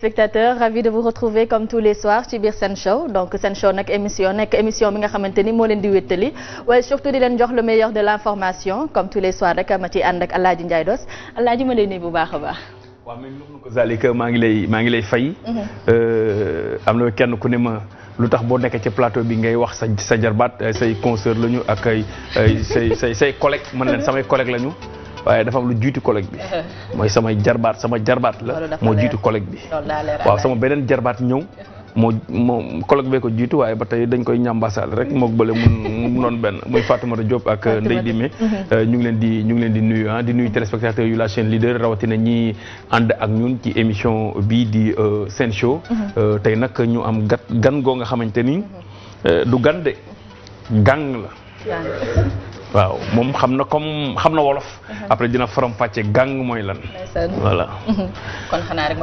spectateurs ravi de vous retrouver comme tous les soirs ci biir Sen Show donc Sen Show nag émission nekk émission bi nga xamante ni moo leen di wéttali waaye surtout di leen jox le meilleur de l'information comme tous les soirs rek ma ciy ànd ak Alaaji Ndiaye Dos Alaaji ma lay nuyu bu baax a baax waaw maa ngi lay maa ngi lay fay mhm. euh, am na kenn ku ne ma lu tax boo nekkee ci plateau bi ngay wax sa sa jarbaat euh, say consoeur lañu ak ay say say say collègues man leen samay collègues lañu waaye dafa am lu jiitu collègue bi mooy samay jarbaat sama jarbaat la moo jiitu collègue bi waaw sama beneen jarbaat ñëw moo moo collègue bee ko jiitu waaye ba tey dañ koy ñambaasaal rek moo bële mun noon benn muy Fatoumata Diop ak Ndeye Dime euh, ñu ngi leen di ñu ngi leen di nuyu ah di nuyu téléspectateurs yu la chaîne leader rawatina ñi ànd ak ñun ci émission bii di euh, Sen Show mhm. euh, tey nag ñu am gat gan goo nga xamante ni du gan de gang la waaw moom xam na comme xam na wolof. Uh-huh. après dina faram-fàcce gàng mooy lan. voilà. Uh-huh. kon xanaa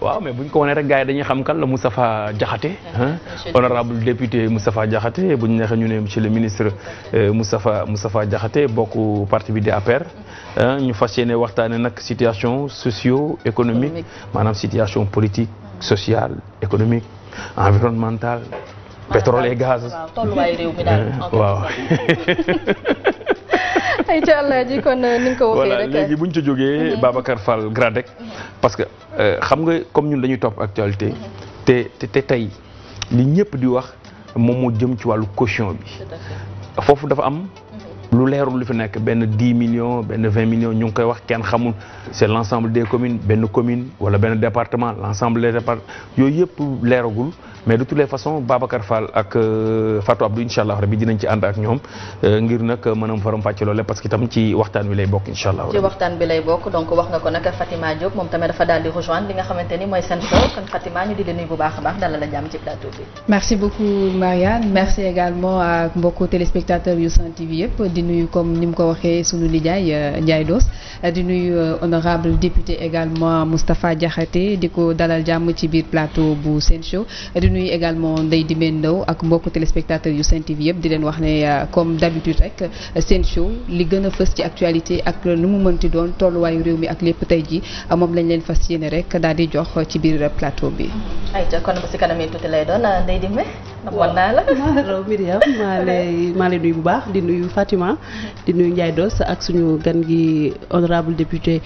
waaw mais bu ñu ko wanee rek gars yi dañuy xam kan la jaxate Diakhaté honorable député Moustapha Diakhaté bu ñu neexee ñu ne monsieur le ministre euh, Moustapha Moustapha jaxate bokk parti bi di APR uh-huh. ñu fas yéene waxtaane nag situation socio économique maanaam situation politique sociale économique environnementale pétrole et gaz. waaw tolluwaayu allah ji kon ni ko waxee rek. bu ñu ci jógee mhm. Babacar Fall Gradec. parce que euh, xam nga comme ñun dañuy topp actualité. Mhm. te te tey li ñëpp di wax moom moo jëm ci wàllu caution bi. foofu dafa am. Mhm. lu leerul lu fi nekk benn 10 millions benn 20 millions ñu ngi koy wax kenn xamul c'est l'ensemble des commune benn commune wala benn département l'ensemble des départements yooyu yëpp leeragul mais de toutes les façons Babacar Fall ak euh, Fatou Abdou incha allah rabi dinañ ci ànd ak ñoom euh, ngir nag mën a faram fàcce loole parce que itam ci waxtaan wi lay bokk incha allah. ci waxtaan bi lay bokk donc wax nga ko nag Fatima Diop moom tamit dafa daal di rejoindre li nga xamante ni mooy seen show kon Fatima ñu di la nuyu bu baax a baax dalal la jàmm ci plateau bi. merci beaucoup Marianne merci également ak mbokku téléspectateurs yu Sen TV yëpp di nuyu comme ni mu ko waxee sunu nijaay euh, Ndiaye Dos di nuyu honorable député également Moustapha Diakhaté di ko dalal jàmm ci biir plateau bu seen nuy nuyu également Ndeye Dimbé Ndao ak mbokku téléspectateurs yu Sen TV yëpp di leen wax ne euh, comme d'habitude rek euh, seen show li gën a fës ci actualité ak nu mu mënti doon tolluwaayu réew mi ak lépp tey ji euh, moom lañ leen fas yéene rek daal di jox ci biir plateau bi. ayca kon ba si kanam yi tuuti lay doon Ndeye Dimbé. waaw naa la waaw Myriam maa lay maa lay bu baax di nuyu Fatima di nuyu Ndiaye Dos ak suñu gan gi honorable député.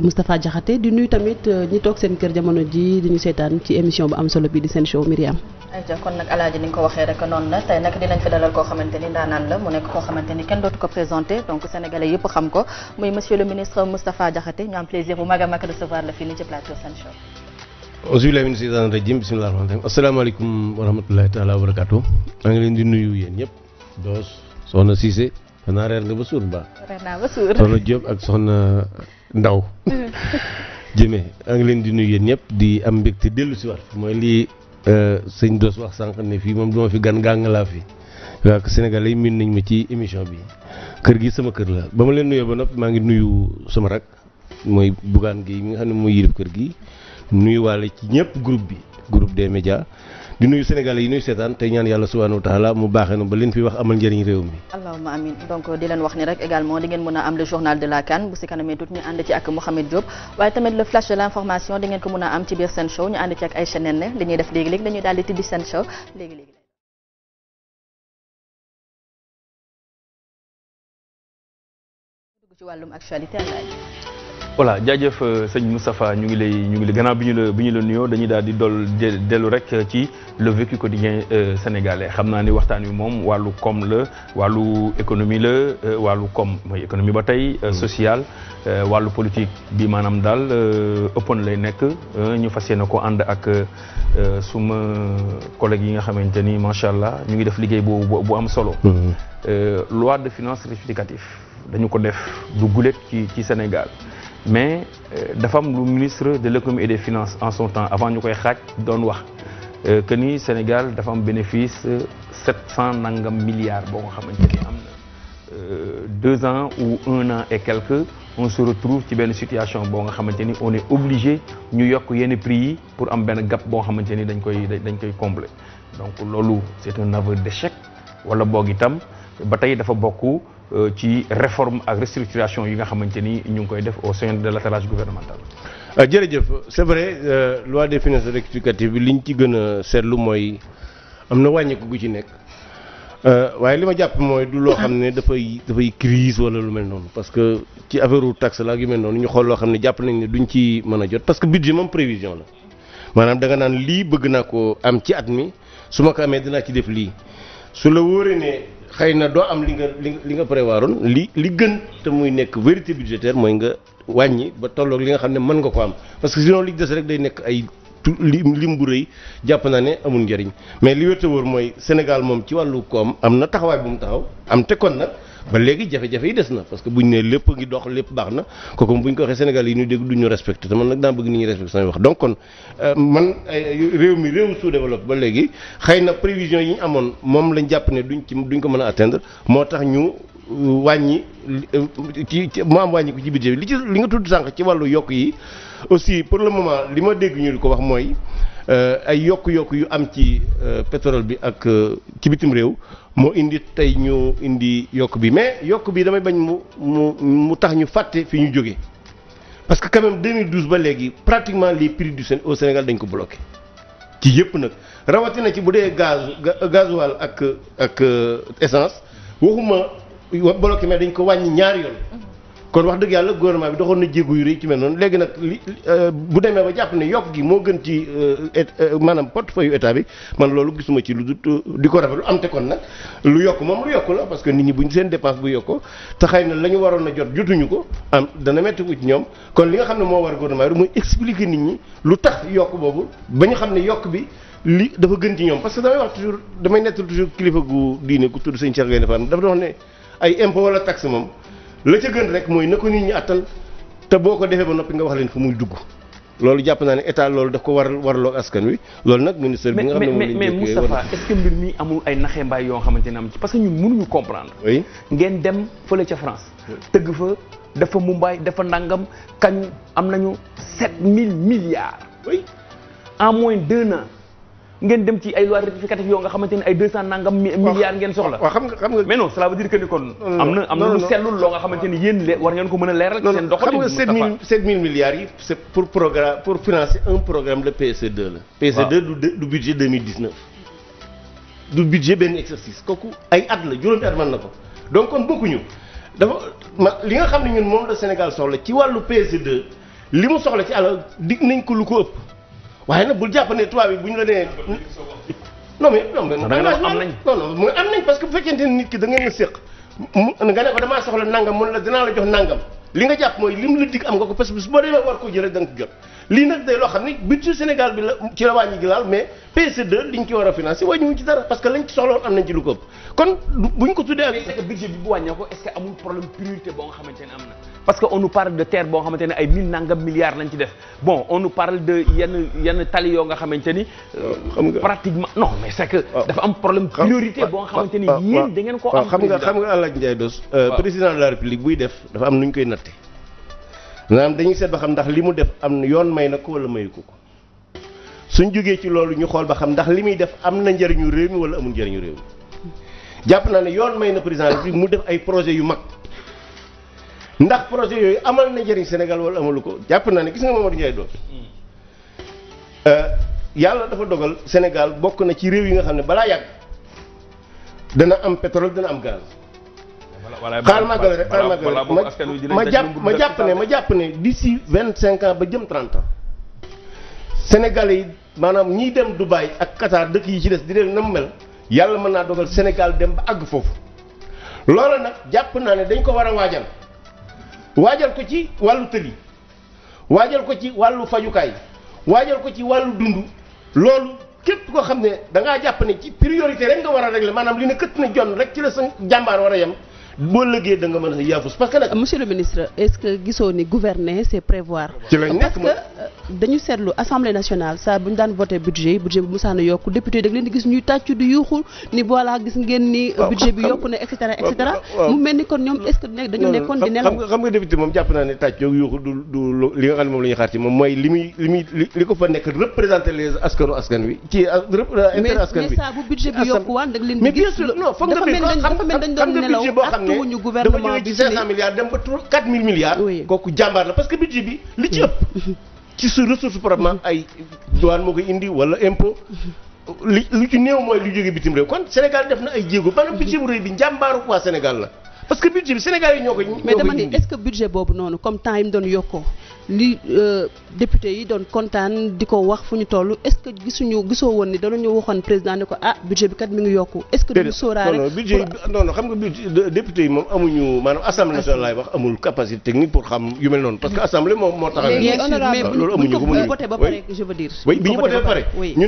Moustapha Diakhaté di nuyu tamit euh, ñi toog seen kër jamono ji di ñu seetaan ci émission bu am solo bi di seen show Myriam. ayca kon nag alaaji ni nga ko waxee rek noonu la tey nag dinañ fi dalal koo xamante ni la mu nekk koo xamante kenn dootu ko présenté donc sénégalais yëpp xam ko muy monsieur le ministre Moustapha Diakhaté ñu am plaisir bu mag a mag recevoir la fii nii ci plateau seen show. auzubillahi mina shaytaani rajim bismillahi rahmaani rahim asalaamaaleykum ba suur ba reer ndaw jëme a ngi leen di nuyu yéen ñëpp di am mbégte dellu si waat mooy lii euh, sëñ Doos wax sànq ne fii moom duma fi gan gàng laa fi waaw Sénégal miin nañ ma ci émission bi kër gi sama kër la ba ma leen nuyoo ba noppi maa ngi nuyu sama rak mooy bugaan gi mi nga xam ne mooy yilib kër gi nuyuwaale ci ñëpp groupe bi groupe des médias di nuyu Sénégalais yi nuy seetaan tey ñaan yàlla subhanahu wa taala mu baaxee nu ba leen fi wax amal njëriñ réew mi allahuma amin donc di leen wax ni rek également di mën a am le journal de la CAN bu si kanamee tuuti ñu ànd ci ak Mouhamed Diop waaye tamit le flash de l'information di ko mën a am ci biir seen show ñu ànd ci ak ay chaîne li ñuy def léegi-léegi dañuy daal tibbi seen show léegi-léegi ci wàllum actualité voilà jaajëf euh, sëñ Moustapha ñu ngi lay ñu ngi lay gannaaw bi ñu la bi ñu la nuyoo dañuy daal di dol dellu rek ci le vécu quotidien euh, sénégalais xam naa ni waxtaan wi moom wàllu koom la wàllu économie la euh, wàllu koom mooy économie ba tey mm. sociale wàllu politique bi maanaam daal ëppoon lay nekk ñu fas yéene ko ànd ak suma collègue yi nga xamante ni macha allah ñu ngi def liggéey bu bu am solo mm. loi de finances rectificative dañu ko def du gulet ci ci Sénégal mais euh, dafa am lu ministre de l'économie et des finances en son temps avant ñu koy xaaj doon wax euh, que ni Sénégal dafa am bénéfice euh, sept cent nangam milliards boo nga xamante ni am na deux ans ou un an et quelques on se retrouve ci benn situation boo nga xamante ni on est obligé ñu yokk yenn prix yi pour am benn gap boo xamante ni dañ koy dañ koy combler donc loolu c'est un aveu d'échec wala boog itam ba tey dafa bokk. Euh, ci réforme ak restructuration yi nga xamante ni ñu ngi koy def au sein de l'attelage gouvernemental. Euh, jërëjëf c'est vrai euh, loi des finances rectificative bi li liñ ci gën a seetlu mooy am na wàññeeku gu ci nekk waaye li ma jàpp mooy du loo xam ne dafay dafay crise wala lu mel noonu parce que ci affaire tax la ak yu mel noonu ñu xool loo xam ne jàpp nañ ne duñ ci mën a jot parce que budget moom prévision la maanaam danga naan lii bëgg naa ko am ci at mi su ma amee dinaa ci def lii xëy na doo am li nga li nga pare waaroon li li gën te muy nekk vérité budgétaire mooy nga wàññi ba tolloog li nga xam ne mën nga ko am parce que sinon li des rek day nekk ay lii lim bu rëy jàpp naa ne amul njëriñ mais li wér mooy Sénégal moom ci wàllu koom am na taxawaay bu mu taxaw am te kon nag. ba léegi jafe-jafe yi des na parce que bu ñu ne lépp ngi dox lépp baax na kooku buñ ko waxee Sénégal yi ñu dégg duñ ñu respecté te man nag daa bëgg nit ñi respecté samay wax donc kon euh, man euh, réew mi réew sous-développé ba léegi xëy na prévision yi amoon moom lañ jàpp ne duñ ci duñ ko mën a atteindre moo tax ñu euh, wàññi ci mu am wàññi ko ci budget li ci li nga tudd sànq ci wàllu yokk yi aussi pour le moment li ma dégg ñu di ko wax mooy Euh, ay yokk-yokk yu am ci euh, pétrole bi ak euh, ci bitim réew moo indi tey ñu indi yokk bi mais yokk bi damay bañ mu mu mu tax ñu fàtte fi ñu jóge parce que quand même 2012 ba léegi pratiquement les prix du Séné au Sénégal dañ ko bloqué ci yëpp nag rawatina ci bu dee gaz gasoil ak ak essence waxuma bloqué mais dañ ko wàññi ñaari yoon. kon wax dëgg yàlla gouvernement bi doxoon na jéego yu rëy ci mel noonu léegi nag euh, bu demee ba jàpp ne yokk gi moo gën ci euh, euh, maanaam portefeuille yu état bi man loolu gisuma ci lu di ko rafetlu am te kon nag lu yokk moom lu yokk la parce que nit ñi buñ seen dépense bu yokkoo te na la ñu waroon na jot jotuñu ko am dana métti ko ci ñoom kon li nga xam ne moo war gouvernement bi mooy expliquer nit ñi lu tax yokk boobu ba ñu xam ne yokk bi li dafa gën ci ñoom parce que damay wax toujours damay nettal toujours kilifa gu diine ku tudd sëñ Cheikh Gaïndé moom la ca gën rek mooy na ko nit ñi attan te boo ko defee ba noppi nga wax leen fa muy dugg loolu jàpp naa ne état loolu daf ko war warloo askan wi loolu nag ministère bi nga xam ne moom lañ mais Moustapha est-ce que mbir mi amul ay naxee yoo xamante ne am ci parce que ñun mënuñu comprendre oui ngeen dem fële ca France tëgg fa dafa Mumbai dafa nangam kañ am nañu sept mille milliards oui en moins d'un na ngeen dem ci ay loi rectificative yoo nga xamante ne ay deux cent nangam milliards ngeen soxla waaw xam nga xam nga mais non cela veut dire que ni kon am na lu sellul loo nga xamante ne yéen war ngeen ko mën a leeral ci seen doxalin xam nga sept mille yi c'est pour programme pour financer un programme le pse la PSE2 du du budget 2019 du budget benn exercice kooku ay at la juróomi at na ko donc kon bokkuñu dafa ma li nga xam ne ñun moom la Sénégal soxla ci wàllu pse li mu soxla ci alal dig nañ ko lu ko waaye nag bul jàpp ne tubaab yi bu ñu la nee. non mais non mais. am nañ non non mu am nañ parce que bu fekkente ne nit ki da ngeen nga séq nga ne ko damaa soxla nangam mun la dinaa la jox nangam li nga jàpp mooy lim la dig am nga ko parce que su boo demee war koo jëlee da nga ko jot lii nag day loo xam ni budget Sénégal bi la ci la wàññi gi laal mais PSE2 liñ ci war a financé wàññiwuñ ci dara parce que lañ ci soxla woon am nañ ci lu ko kon buñ ko tuddee. budget bi bu wàññee ko est-ce que amul problème priorité boo nga xamante ne am na parce que on nous parle de terre boo xamante ne ay mille nangam milliards lañ ci def bon on nous parle de yenn yenn tali yoo nga xamante ni. Euh, xam nga pratiquement non mais c'est que. Ah. dafa am problème priorité boo nga xamante ni yéen da ngeen koo am. xam nga xam nga Alaaji Ndiaye Dos. Euh, président de la république buy def dafa am nu ñu koy natte. maanaam dañuy seet ba xam ndax li mu def am na yoon may na ko wala mayu ko ko ci loolu ñu xool ba xam ndax li muy def am na njëriñu réew mi wala amul njëriñu réew mi jàpp naa ne yoon may na président de république mu def ay projet yu mag ndax projet yooyu amal na njëriñ Sénégal wala amalu ko jàpp naa ne gis nga Mamadou Ndiaye Dope euh, yàlla dafa dogal Sénégal bokk na ci réew yi nga xam ne balaa yàgg dana am pétrole dana am gaz. xaar màggale rek xaar màggale rek ma jàpp ma jàpp ne ma jàpp ne si vingt cinq ans ba jëm trente ans yi maanaam ñiy dem Dubaï ak Qatar dëkk yi ci des di leen na mel yàlla mën naa dogal Sénégal dem ba àgg foofu loola nag jàpp naa ne dañ ko war a waajal. waajal ko ci wàllu tëli waajal ko ci wàllu fajukaay waajal ko ci wàllu dund loolu képp koo xam ne dangaa ngaa jàpp ne ci priorité rek nga war a rek régler maanaam li ne këtt na jonn rek ci la sa jàmbaar war a yem boo lëggee da nga mën a yaafus parce que nag. monsieur le ministre est gisoo ni gouverner c'est prévoir. ci lañ nekk parce euh, dañu seetlu assemblée nationale saa bu ñu daan voté budget bu musaana yokku député da leen di gis ñuy tàccu di yuuxu ni voilà gis ngeen ni. Euh, budget bi yokku naa ne tàcc yuuxu du li nga xam ne moom la xaar ci moom mooy li muy li ko fa nekk représenter les askanu askan wi euh, mais mais saa bu budget bi yokkuwaan da leen di gis. mais ne dafa jógee ci 500 milliards dem ba 4000 milliards. kooku jàmbaar la parce que budget bi li ci ëpp. ci su ressource proprement ay douane moo koy indi wala impôt. li lu ci néew mooy lu jógee bitim réew kon Sénégal def na ay jéego. maanaam budget bu rëy bi njàmbaaru waa Sénégal la. parce que budget bi Sénégal yi ñoo ko mais dama ni est-ce que budget boobu noonu comme temps yi mu doon yokkoo li euh, député yi doon kontaan di ko wax fu ñu toll est-ce que gisuñu gisoo woon ni danañu waxoon président ne ko ah budget bi kat mi ngi yokku est-ce que duñu sóoraale budget nga budget yi moom amuñu maanaam assemblée nationale laay wax amul capacité technique pour xam yu mel noonu parce que assemblée moo tax loolu amuñu ko mënuñu voté ba pare je ba pare ñu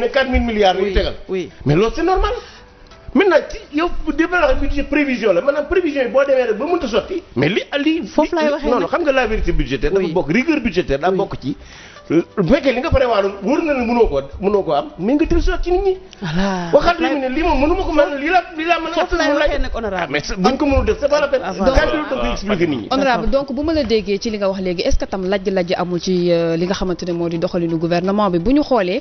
ne maintenant yow di ma la wax budget prévision la maanaam prévision yi boo demee rek ba mënta sotti mais li li foofu laay waxee non xam nga la vérité budgétaire dafa bokk rigueur budgétaire daa bokk ci bu fekkee li nga prévoir wóor na ne mënoo ko mënoo ko am mais nga tël soit ci nit ñi voilà waxal lu ne lii ko mën lii ah, buñ ko mënul def c'est pas donc ah, ah. honorable donc bu ma la déggee ci li nga wax léegi est-ce que tam lajj-lajj amul ci euh, li nga xamante ne moo di doxalinu gouvernement bi bu ñu xoolee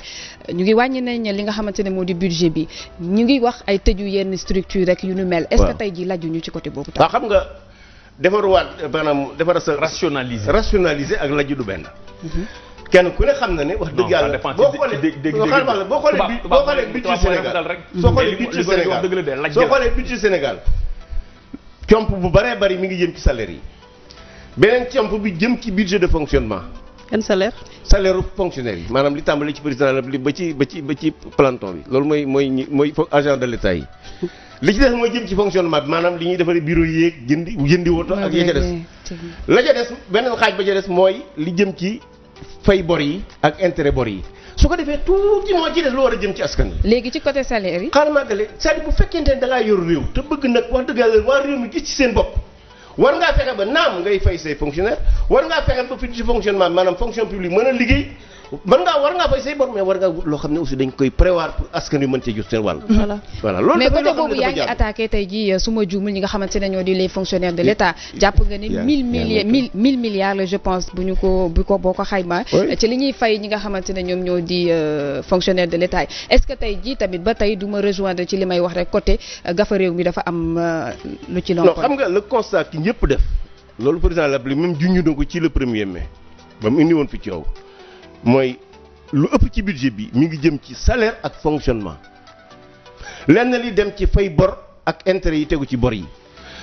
ñu ngi wàññi nañ li nga xamante ne moo di budget bi ñu ngi wax ay tëju yenn structure rek yu nu mel est tey ji lajju ñu ci côté boobu tam xam nga defaruwaat maanaam defara sa rationaliser rationaliser ak lajj du benn mhm. kenn ku ne xam na ne wax dëgg yàlla boo xoolee boo xoolee bi boo xoolee budget Sénégal soo xoolee budget Sénégal soo xoolee budget Sénégal comp bu baree bari mi ngi jëm ci salaire yi beneen comp bi jëm ci budget de fonctionnement yan salaire salaire fonctionnaire yi maanaam li tàmbali ci président de la République ba ci ba ci ba ci planton bi loolu mooy mooy mooy agent de l'État yi li ci def mooy jëm ci fonctionnement bi maanaam li ñuy defaree bureau yeeg jëndi jëndi woto ak ya ca des la ca des beneen xaaj ba ca des mooy li jëm ci fay bor yi ak intere bor yi su ko defee tuuti moo ci des lu war a jëm ci askan wi. léegi ci côté salaire yi. xaaral maa gële bu fekkente ne da yor réew te bëgg nag wax dëgg yàlla waa réew mi gis ci seen bopp war ngaa fexe ba naam ngay fay say fonctionnaire war ngaa fexe ba fi ci fonctionnement maanaam fonction publique mën a liggéey. mën ngaa war ngaa fay say bor mais war ngaa wut loo xam ne aussi dañ koy prévoir pour askan wi mën cee jot seen wàll. voilà loolu mais tey jii euh, su ma ñi nga xamante ne ñoo di les fonctionnaires de jàpp nga ni mille milliards mille milliards je pense bu ñu ko bu ko boo ko xaymaa. ci li ñuy fay ñi nga xamante ne ñoom ñoo di euh, fonctionnaire de l' état est que tey jii tamit ba tey du ma ci li may wax rek côté euh, gafa réew mi dafa am lu ci. non xam nga le constat ñëpp def loolu président la même junj na ko ci le premier mai mu indi woon fi coow mooy lu ëpp ci budget bi mi ngi jëm ci salaire ak fonctionnement lenn li dem ci fay bor ak intérêt yi tegu ci bor yi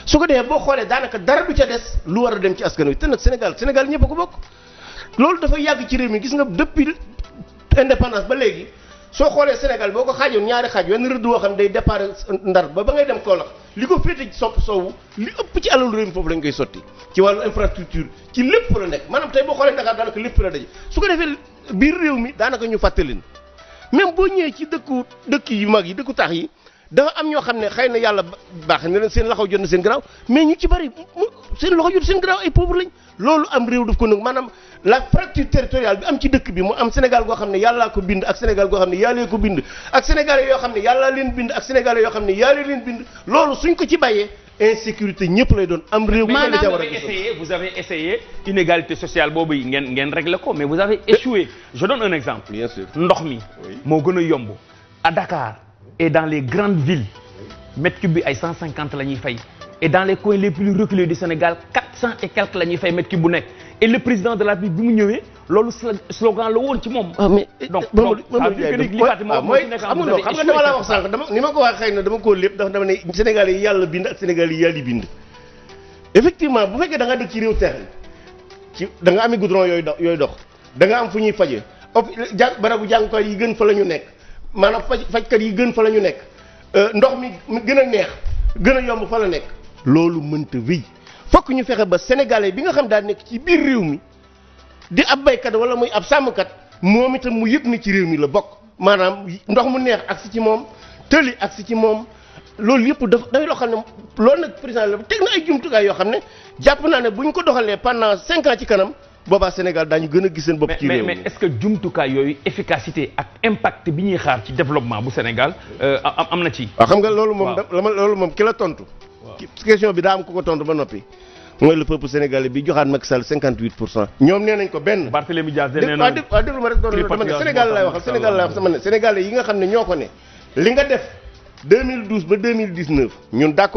su ko dee boo xoolee daanaka dara du ca des lu war a dem ci askan wi te nag Sénégal Sénégal ñëpp a ko bokk loolu dafay yàgg ci réew mi gis nga depuis indépendance ba léegi. soo xoolee Sénégal boo ko xaajoon ñaari xaaj wenn rëdd woo xam day départ ndar ba ba ngay dem Kaolack li ko féete sopp soowu li ëpp ci alalu réew mi foofu lañ koy sotti ci wàllu infrastructure ci lépp la nekk maanaam tey boo xoolee Dakar daanaka lépp la daje su ko defee biir réew mi daanaka ñu fàttaleen même boo ñëwee ci dëkku dëkk yu mag yi dëkku taax yi dafa am ñoo xam ne xëy na yàlla baax na leen seen loxo jot na seen garaaw mais ñu ci bëri seen loxo jot seen garaaw ay pauvre lañ loolu am réew daf ko nag maanaam la fracture territoriale bi am ci dëkk bi mu am Sénégal goo xam ne yàllaa ko bind ak Sénégal goo xam ne yàlla ko bind ak sénégalais yoo xam ne yàllaa leen bind ak sénégalais yoo xam ne yàlla leen bind loolu suñ ko ci bàyyee insécurité ñëpp lay doon am réew. maanaam vous avez essayé inégalité sociale boobu ngeen ngeen réglé ko mais vous avez échoué je donne un exemple. bien sûr mi moo gën a yomb et dans les grandes villes mètre cube bi ay 150 la ñuy fay et dans les coins les plus reculés du Sénégal 400 et quelques la ñuy fay mètre cube bu nekk et le président de la République bi mu ñëwee loolu slogan la woon ci moom. Ah, mais eh, donc Mamadou Ndiaye li amul loo xam nga dama la wax sànq dama ni ma ko waxee xëy na dama koo lépp ndax dama ne Sénégal yi yàlla bind ak Sénégal yi yàlla bind. effectivement bu fekkee da nga dëkk ci réew terre ci da nga ami goudron yooyu dox yooy dox da nga am fu ñuy faje op barabu jàngukaay yi gën fa la ñu nekk maanaam faj fajkat yi gën fa la ñu nekk euh, ndox mi gën a neex gën a yomb fa la nekk loolu mënta wéy fokk ñu fexe ba sénégalais bi nga xam daal nekk ci biir réew mi di ab baykat wala muy ab sàmmkat moom itam mu yëpp ni ci réew mi la bokk maanaam ndox mu neex ak ci moom tëli ak ci moom loolu yëpp dafa day loo xam ne loolu nag président la teg na ay jumtukaay yoo xam ne jàpp naa ne bu ñu ko doxalee pendant cinq ci kanam boobaa Sénégal daañu gën a gis seen bopp. ci réew mi mais mais est-ce que jumtukaay yooyu efficacité ak impact bi ñuy xaar ci développement bu Sénégal euh, am na ci. waaw xam nga loolu moom. waaw loolu tontu. question bi daa am ku ko tontu ba noppi. mooy le peuple sénégalais bi joxaat Macky Sall 58 pour cent. ñoom nee nañ ko benn. Barthélémy Dias de nee na waaw déglu ma rek doon dama ne lay waxal Sénégal lay wax sama ne Sénégalais yi nga xam ne ñoo ko ne. li nga def 2012 ba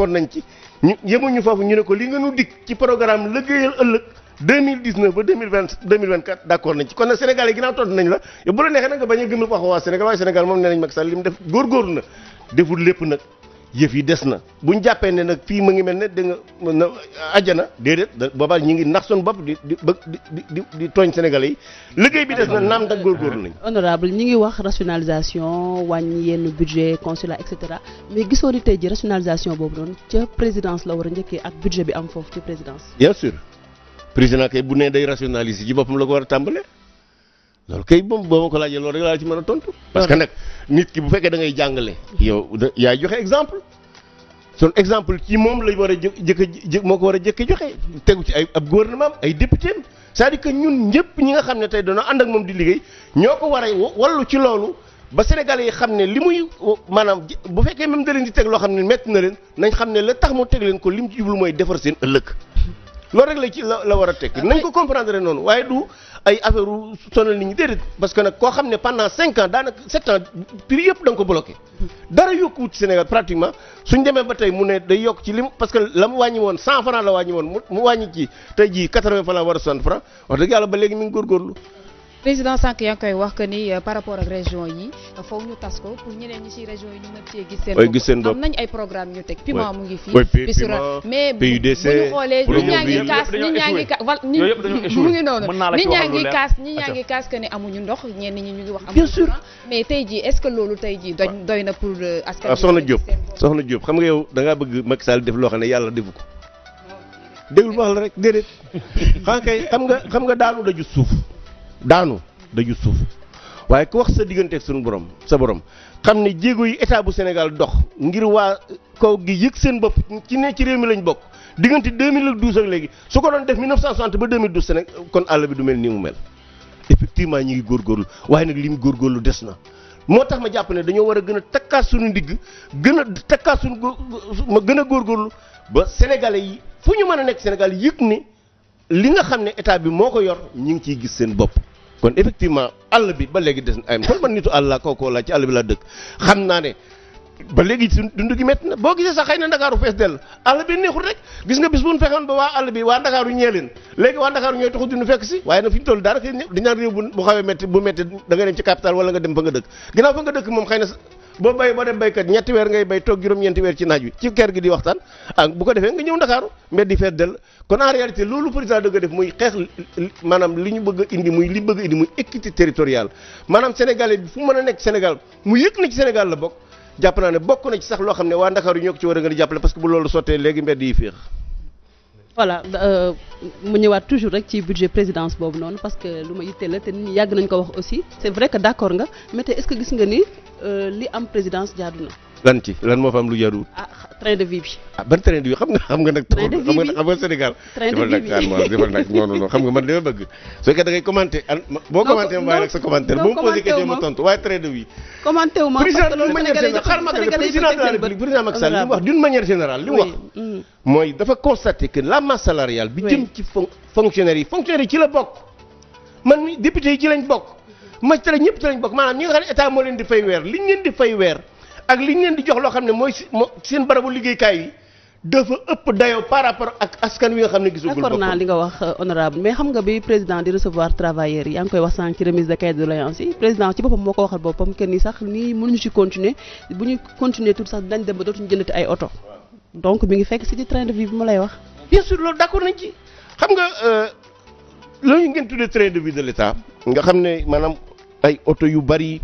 foofu ñu ne ko li nga nu dikk deux mille dix neuf ba deux mille vingt deux mille vingt quatre d' accord nañ ci kon nag Sénégal yi ginnaaw tontu nañ la yow bu la neexee nag nga bañ a gëm wax Sénégal waaye Sénégal moom nee nañ Macky Sall li mu def góorgóorlu na deful lépp nag yëf yi des na buñ jàppee ne nag fii ma ngi mel ne danga nga na ajjana déedéet boobaa ñu ngi nax suñu bopp di di di di di tooñ Sénégalais yi liggéey bi des na naam nag góorgóorlu nañ honorable ñi ngi wax rationalisation wàññi yenn budget consulat et cetera mais gisoo ni tey ji boobu noonu ca présidence la war ak budget bi am foofu ci présidence bien sûr président kay bu nee day rationaliser ci boppam la ko war a tàmbale loolu kay moom boo ko laaj loolu rek laa ci mën a tontu. parce que nag nit ki bu fekkee da ngay jàngale. yow yaay joxe exemple. son exemple ci moom lañ war a jë jëkk moo ko war a jëkk joxe tegu ci ay ab gouvernement ay député am cest que ñun ñëpp ñi nga xam ne tey dañoo ànd ak moom di liggéey ñoo ko war a wallu ci loolu ba sénégalais yi xam ne li muy maanaam bu fekkee même da leen teg loo xam ne métti na leen nañ xam ne la tax mu teg ko lim mooy defar seen ëllëg. loolu rek la ci la la war a tekk nañ ko ah, comprendre noonu waaye du ay affaire sonal nit ñi déedéet parce que nag koo xam ne pendant cinq ans daanaka sept ans prix yëpp da nga ko bloqué dara yokkuwut ci Sénégal pratiquement suñ demee ba tey mu ne day yokk ci li parce que la mu wàññi woon cent franc la wàññi woon mu wàññi ci tey jii quatre-vingts franc war a soixante franc wax dëgg yàlla ba léegi mi ngi góorgóorlu président sànq yaa ngi koy wax que ni euh, par rapport ak région yi foofu ñu tas ko pour ñeneen ñi ci région yi ñu mën cee gis seen bopp gis seen bopp am nañ ay programme ñu teg PUMA mu ngi fii PISRA mais bu ñu que ni amuñu ndox ñenn ñi ñu ngi wax mais tey jii est ce que loolu tey jii doy doy na pour euh, askan ah, soxna Diop soxna Diop xam nga yow da bëgg Macky Sall def loo xam ne yàlla defu ko déglu ma wax la rek déedéet xam kay xam nga xam la daanu daju suuf daanu daju suuf waaye ku wax sa digganteeg sunu borom sa borom xam ne jéego yi état bu Sénégal dox ngir waa kaw gi yëg seen bopp ci ne ci réew mi lañ bokk diggante 2012 ak léegi su ko doon def 1960 ba 2012 Sénégal kon àll bi du mel nii mu mel effectivement ñu ngi góorgóorlu waaye nag li mu góorlu des na. moo tax ma jàpp ne dañoo war a gën a takkaat suñu ndigg gën a takkaat suñu ma gën a góor góorgóorlu ba sénégalais yi fu ñu mën a nekk Sénégal yëg ne li nga xam ne état bi moo ko yor ñu ngi ciy gis seen bopp. kon effectivement àll bi ba léegi des na ay kon man nitu àll laa kookoo laa ci àll bi laa dëkk xam naa ne ba léegi suñ dund gi métti na boo gisee sax xëy na ndakaaru fees dell àll bi neexul rek gis nga bis bu ñu waa àll bi waa ndakaaru ñee leen léegi waa ndakaaru ñooy taxu dund fekk si waaye nag fi ñu toll daanaka ñëpp dañu naan réew bu xawee métti bu métti da dem ci capital wala nga dem fa nga dëkk ginnaaw fa nga dëkk moom xëy na boo bay boo dem baykat ñetti weer ngay bay toog juróom-ñeenti weer ci naaj wi ci kër gi di waxtaan ak bu ko defee nga ñëw Ndakaaru mais di feet del kon en réalité loolu président dëgg def muy xeex maanaam li ñu bëgg indi muy li bëgg indi muy équité territoriale maanaam sénégalais fu mën a nekk Sénégal mu yëg na ci Sénégal la bokk jàpp naa ne bokk na ci sax loo xam ne waa Ndakaaru ñoo ko ci war a gën a jàppale parce que bu loolu sottee léegi mbedd yi féex voilà euh, mu ñëwaat toujours rek ci budget présidence boobu noonu parce que lu ma yittee la te nit ñi yàgg nañ ko wax aussi c'est vrai que d'accord nga mais te est que gis nga ni euh, li am présidence jaadu na lan ci lan moo fa lu jaru ah train de ah, train de vie xam nga xam nga nag. train de vie bi xam nga Sénégal. train de vie bi ah, defal nag non non xam nga man dama bëgg. soo ko da ngay commenté boo commenté ma bàyyi rek sa commentaire boo mu posé question ma la République président bi jëm ci fon fonctionnaire yi fonctionnaire yi ci la bokk. man mi député yi ci lañ bokk. magistrat ñëpp ci nga xam ne état moo leen di fay weer liñ leen di fay weer ak li ñu leen di jox loo xam ne mooy seen barabu liggéeykaay yi dafa ëpp dayoo par rapport ak askan wi nga xam ne gisagul d'accord naa li nga wax euh, honorable mais xam nga bi président di recevoir yaa ngi koy wax sànq ci remise de cahier de doléances yi président ci boppam moo ko waxal boppam kenn ni sax nii mënuñu ci continuer bu ñu continuer tout sax dañ dem ba dootuñu jëndati ay oto donc mi ngi fekk si ci train de vie bi ma lay wax bien sûr loolu d'accord nañ ci xam nga euh, loolu ngeen tuddee train de vie de l'État nga xam ne maanaam ay oto yu bari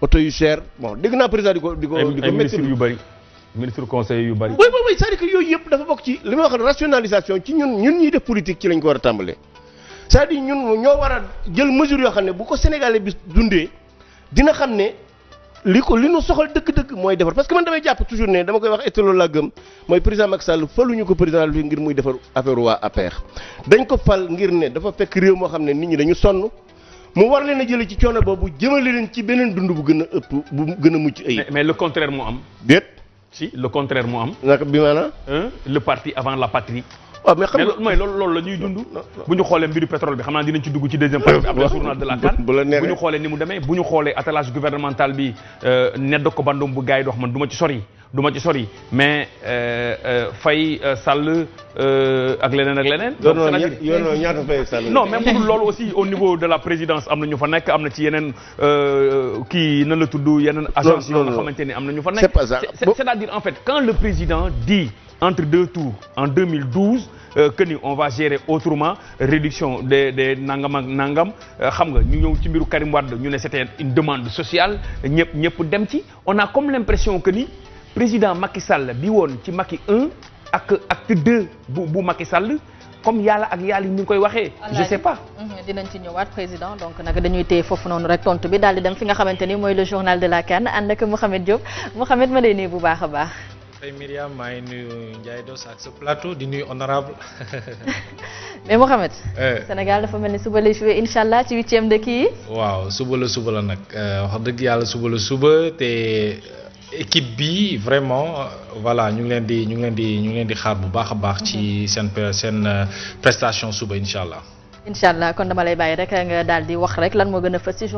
oto yu cher bon dégg naa président di ko di ko di yu bëri ministre conseil yu bëri oui oui oui cest à yooyu yëpp dafa bokk ci li ma wax rationalisation ci ñun ñun ñuy def politique ci lañ ko war a tàmbalee cest à ñun ñoo war a jël mesure yoo xam ne bu ko sénégalais bi dundee dina xam ne li ko li nu soxal dëkk dëkk mooy defar parce que man damay jàpp toujours ne dama koy wax et loolu laa gëm mooy président Macky Sall faluñu ko président bi ngir muy defar affaire waa APR ko fal ngir ne dafa fekk réew moo xam ne nit ñi dañu sonn mu war leen a jële ci coono boobu jëmale leen ci beneen dund bu gën a ëpp bu gën a mucc ayib. mais le contraire moo am. déet. si le contraire moo am. naka bi maanaam. le parti avant la patrie. waaw ah, mais loolu loolu la ñuy dund bu ñu xoolee mbiru pétrole bi xam naa dinañ ci dugg ci deuxième partie bi après journal de la CAN bu ñu xoolee ni mu demee bu ñu xoolee attelage gouvernemental bi euh, nedd ko bandum bu gars yi dox man du ma ci sori du ma ci sori mais euh, euh, fay sàll ak leneen ak leneen yoon ñaata fay sàll non mais mu loolu aussi au niveau de la présidence am na ñu fa nekk am na ci yeneen kii nan la tudd yeneen agence yoo xamante ni am na ñu fa nekk c'est-à-dire en fait le président dit entre deux tours en 2012 euh, que ni on va gérer autrement réduction des des nangam ak nangam euh, xam nga ñu ñëw ci mbiru Karim Wade ñu ne c'était une demande sociale ñëpp ñëpp dem ci on a comme l'impression que ni président Macky Sall bi woon ci Macky 1 ak acte 2 bu bu Macky Sall comme yàlla ak yàlla yi ñu ngi koy waxee. je sais pas. Mhm, dinañ ci ñëwaat président donc nag dañuy téye foofu noonu rek tontu bi daal di dem fi nga xamante ni mooy le journal de la CAN ànd ak Mouhamed Diop Mouhamed ma lay bu baax baax. Ndeye Myriam maa ngi nuyu Ndiaye Dos ak sa plateau di honorable mais Mouhamed. Eh. Sénégal dafa mel ni suba lay joué incha allah ci huitième de kii waaw suba la suba la nag eh, wax dëgg yàlla suba la suba te eh, équipe bi vraiment wala ñu ngi leen di ñu ngi leen di ñu ngi leen di xaar bu baax a baax. ci mhm. seen seen prestation suba incha allah. kon dama lay bàyyi rek nga daal di wax rek lan moo gën a fës